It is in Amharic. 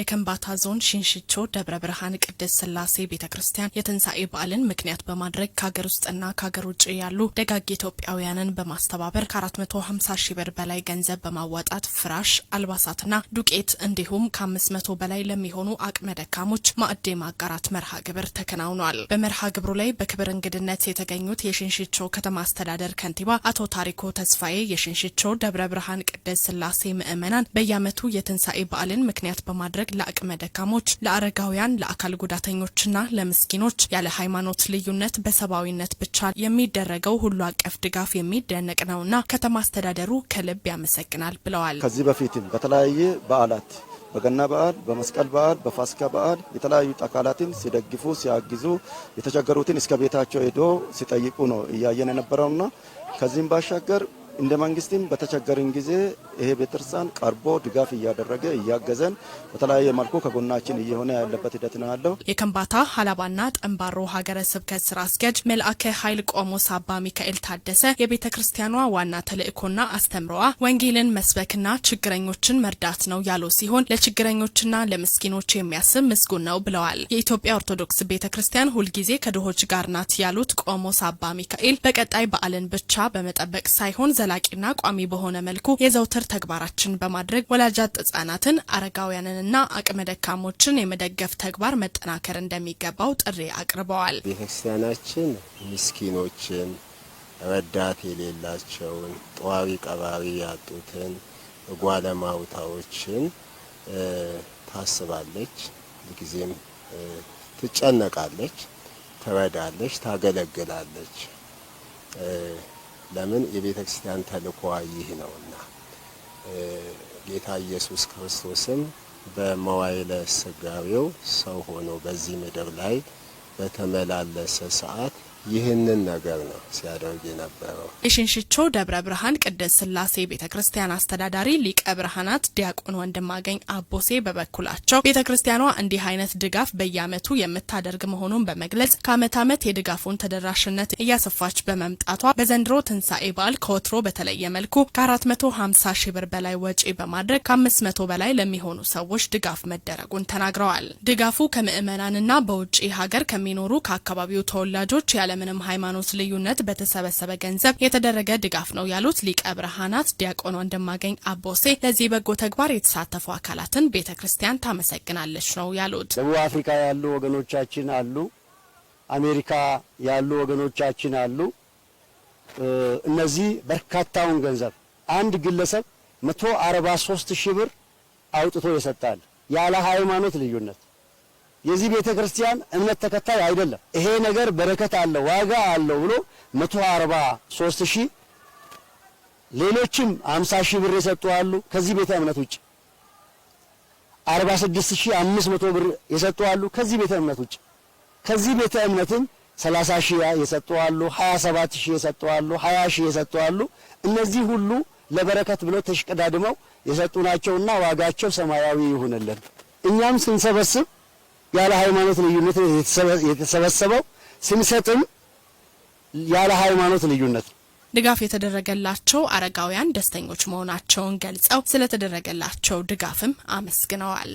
የከንባታ ዞን ሽንሽቾ ደብረ ብርሃን ቅድስት ስላሴ ቤተ ክርስቲያን የትንሣኤ በዓልን ምክንያት በማድረግ ከሀገር ውስጥና ከሀገር ውጭ ያሉ ደጋግ ኢትዮጵያውያንን በማስተባበር ከ450 ሺህ ብር በላይ ገንዘብ በማዋጣት ፍራሽ፣ አልባሳትና ዱቄት እንዲሁም ከ500 በላይ ለሚሆኑ አቅመ ደካሞች ማዕድ ማጋራት መርሃ ግብር ተከናውኗል። በመርሃ ግብሩ ላይ በክብር እንግድነት የተገኙት የሽንሽቾ ከተማ አስተዳደር ከንቲባ አቶ ታሪኮ ተስፋዬ የሽንሽቾ ደብረ ብርሃን ቅድስት ስላሴ ምዕመናን በየዓመቱ የትንሣኤ በዓልን ምክንያት በማድረግ ለአቅመ ደካሞች፣ ለአረጋውያን፣ ለአካል ጉዳተኞችና ለምስኪኖች ያለ ሃይማኖት ልዩነት በሰብአዊነት ብቻ የሚደረገው ሁሉ አቀፍ ድጋፍ የሚደነቅ ነውና ከተማ አስተዳደሩ ከልብ ያመሰግናል ብለዋል። ከዚህ በፊትም በተለያየ በዓላት በገና በዓል፣ በመስቀል በዓል፣ በፋሲካ በዓል የተለያዩ አካላትን ሲደግፉ ሲያግዙ የተቸገሩትን እስከ ቤታቸው ሄዶ ሲጠይቁ ነው እያየን የነበረውና ከዚህም ባሻገር እንደ መንግስትም በተቸገርን ጊዜ ይሄ ቤተክርስቲያን ቀርቦ ድጋፍ እያደረገ እያገዘን በተለያየ መልኩ ከጎናችን እየሆነ ያለበት ሂደት ነው ያለው። የከምባታ ሀላባና ጠንባሮ ሀገረ ስብከት ስራ አስኪያጅ መልአከ ኃይል ቆሞስ አባ ሚካኤል ታደሰ የቤተ ክርስቲያኗ ዋና ተልእኮና አስተምሮዋ ወንጌልን መስበክና ችግረኞችን መርዳት ነው ያሉ ሲሆን ለችግረኞችና ለምስኪኖች የሚያስብ ምስጉን ነው ብለዋል። የኢትዮጵያ ኦርቶዶክስ ቤተ ክርስቲያን ሁልጊዜ ከድሆች ጋር ናት ያሉት ቆሞስ አባ ሚካኤል በቀጣይ በዓልን ብቻ በመጠበቅ ሳይሆን ዘላቂና ቋሚ በሆነ መልኩ የዘውትር ተግባራችን በማድረግ ወላጅ አጥ ህጻናትን አረጋውያንንና አቅመ ደካሞችን የመደገፍ ተግባር መጠናከር እንደሚገባው ጥሪ አቅርበዋል። ቤተክርስቲያናችን ምስኪኖችን፣ ረዳት የሌላቸውን፣ ጠዋሪ ቀባሪ ያጡትን፣ ጓለማውታዎችን ታስባለች። ጊዜም ትጨነቃለች፣ ትረዳለች፣ ታገለግላለች። ለምን የቤተ ክርስቲያን ተልእኮዋ ይህ ነውና ጌታ ኢየሱስ ክርስቶስም በመዋይለ ሥጋዌው ሰው ሆኖ በዚህ ምድር ላይ በተመላለሰ ሰዓት ይህንን ነገር ነው ሲያደርግ የነበረው። የሽንሽቾ ደብረ ብርሃን ቅድስት ስላሴ ቤተ ክርስቲያን አስተዳዳሪ ሊቀ ብርሃናት ዲያቆን ወንድማገኝ አቦሴ በበኩላቸው ቤተ ክርስቲያኗ እንዲህ አይነት ድጋፍ በየዓመቱ የምታደርግ መሆኑን በመግለጽ ከዓመት ዓመት የድጋፉን ተደራሽነት እያሰፋች በመምጣቷ በዘንድሮ ትንሣኤ በዓል ከወትሮ በተለየ መልኩ ከ450 ሺህ ብር በላይ ወጪ በማድረግ ከ500 በላይ ለሚሆኑ ሰዎች ድጋፍ መደረጉን ተናግረዋል። ድጋፉ ከምዕመናንና በውጭ ሀገር ከሚኖሩ ከአካባቢው ተወላጆች ያለ ያለምንም ሃይማኖት ልዩነት በተሰበሰበ ገንዘብ የተደረገ ድጋፍ ነው ያሉት ሊቀ ብርሃናት ዲያቆን ወንድማገኝ አቦሴ ለዚህ በጎ ተግባር የተሳተፉ አካላትን ቤተ ክርስቲያን ታመሰግናለች ነው ያሉት። ደቡብ አፍሪካ ያሉ ወገኖቻችን አሉ፣ አሜሪካ ያሉ ወገኖቻችን አሉ። እነዚህ በርካታውን ገንዘብ አንድ ግለሰብ 143 ሺህ ብር አውጥቶ ይሰጣል ያለ ሃይማኖት ልዩነት የዚህ ቤተ ክርስቲያን እምነት ተከታይ አይደለም። ይሄ ነገር በረከት አለው ዋጋ አለው ብሎ 143 ሺህ ሌሎችም 50 ሺህ ብር የሰጡ አሉ። ከዚህ ቤተ እምነት ውጭ 46 500 ብር የሰጡ አሉ። ከዚህ ቤተ እምነት ውጭ ከዚህ ቤተ እምነትም 30 ሺህ የሰጡ አሉ። 27 ሺህ የሰጡ አሉ። 20 ሺህ የሰጡ አሉ። እነዚህ ሁሉ ለበረከት ብለው ተሽቀዳድመው የሰጡ ናቸውና ዋጋቸው ሰማያዊ ይሁንልን። እኛም ስንሰበስብ ያለ ሃይማኖት ልዩነት የተሰበሰበው ስንሰጥም ያለ ሃይማኖት ልዩነት ነው። ድጋፍ የተደረገላቸው አረጋውያን ደስተኞች መሆናቸውን ገልጸው ስለተደረገላቸው ድጋፍም አመስግነዋል።